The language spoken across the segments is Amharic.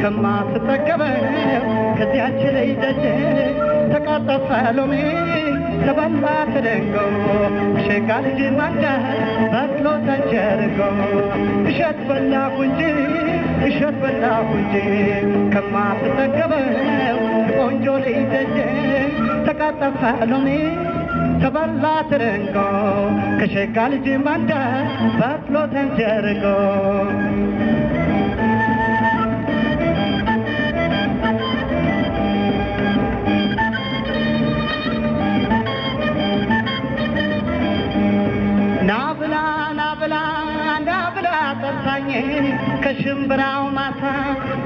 ከማትጠገበው ከዚያች ላይ ደጅ ተቃጠፈ ሎሜ ተበላ ተደንጎ ሸጋ ልጅ ማንዳ በቅሎ ተንቸርጎ እሸት በላሁ እንጂ እሸት በላሁ እንጂ ከማትጠገበው ቆንጆ ላይ ደጅ ተቃጠፈ ሎሜ ተበላ ተደንጎ ከሸጋ ልጅ ማዳ በቅሎ ተንቸርጎ አጠጣኝ ከሽምብራው ማታ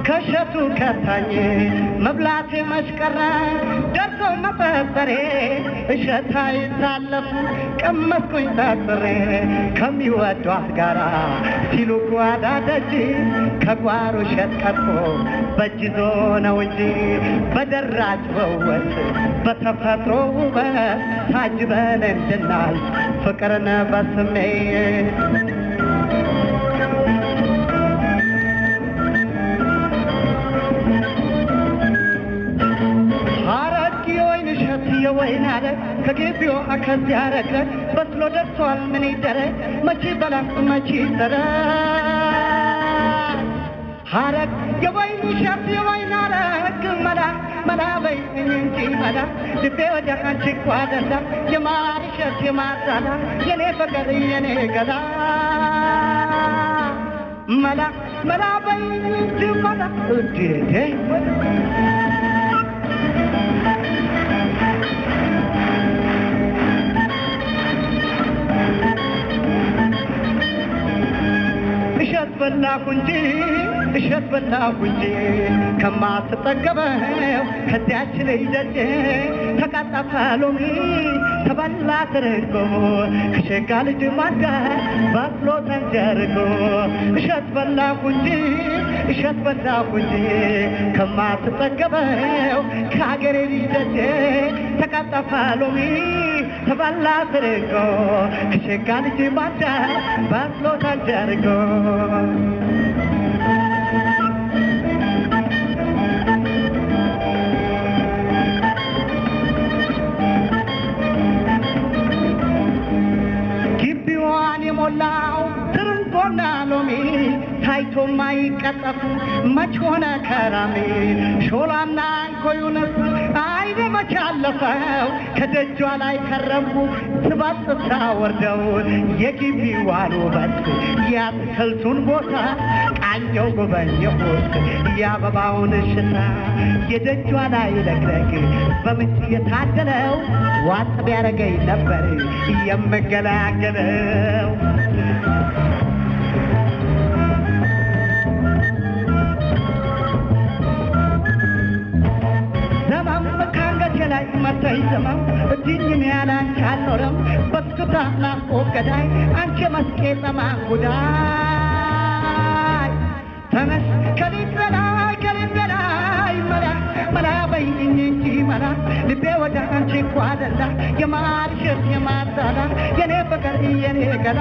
ከሸቱ ከታኝ መብላቴ መሽቀረ ደርሶ መጠጠሬ እሸታ ይታለፉ ቀመስኩኝ ጠጥሬ ከሚወዷት ጋራ ሲሉ ጓዳ ደጅ ከጓሮ ሸቀጥኩ በእጅ ይዞ ነው እንጂ በደራጭ በውበት በተፈጥሮ ውበት ታጅበን እንድናል ፍቅርን በስሜ አይን አለ ከጌቢዮ አከዚ ያረገ በስሎ ደርሷል ምን ይደረግ መቼ በላ መቼ ይሰረ ሐረግ የወይን ሸፍ የወይን አረግ መላ መላ በይ እንጂ መላ ልቤ ወደ አንቺ እኮ አደላ የማር እሸት የማር የኔ ፍቅር የኔ ገላ መላ መላ በይ እንጂ መላ እዴቴ በላኩ እንጂ እሸት በላኩ እንጂ ከማትጠገበው ከዚያች ልጅ ደጅ ተቃጣ ሎሚ ከባላ ተረጎ ከሸጋ ልጅ ማጋር ባፍሎ ተንጀርጎ እሸት በላሁ እንጂ እሸት በላሁ እንጂ ከማትጠገበው ከሀገሬ ልደቴ ተቀጠፋ ሎሚ ተበላ ተረጎ ከሸጋ ልጅ ማጋር ባፍሎ ተንጀርጎ ታይቶ ማይቀጠፉ መች ሆነ ከራሜ ሾላና ኮዩነት አይደ መች አለፈው ከደጇ ላይ ከረምኩ ስባት ሳወርደው የግቢ ዋሉ በት የአትክልቱን ቦታ ቃኘው ጎበኘሁት የአበባውን ሽታ የደጇ ላይ ለግለግ በምች የታደለው ዋጥ ቢያደረገኝ ነበር የምገላገለው መቶ ይስመው እድኝም ያለ አንቺ አልኖረም በስቱታ ናፍቆት ገዳይ አንቺ መስቄ ጸማን ጉዳይ ተነስ ከቤት በላይ ከቤት በላይ መላ መላ በይኝ እንጂ መላ ልቤ ወደ አንቺ እኮ አደላ የማልሽት የማጣላ የኔ ፍቅር የኔ ገላ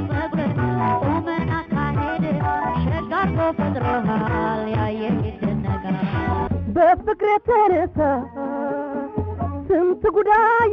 በፍቅር የተነሳ ስንት ጉዳይ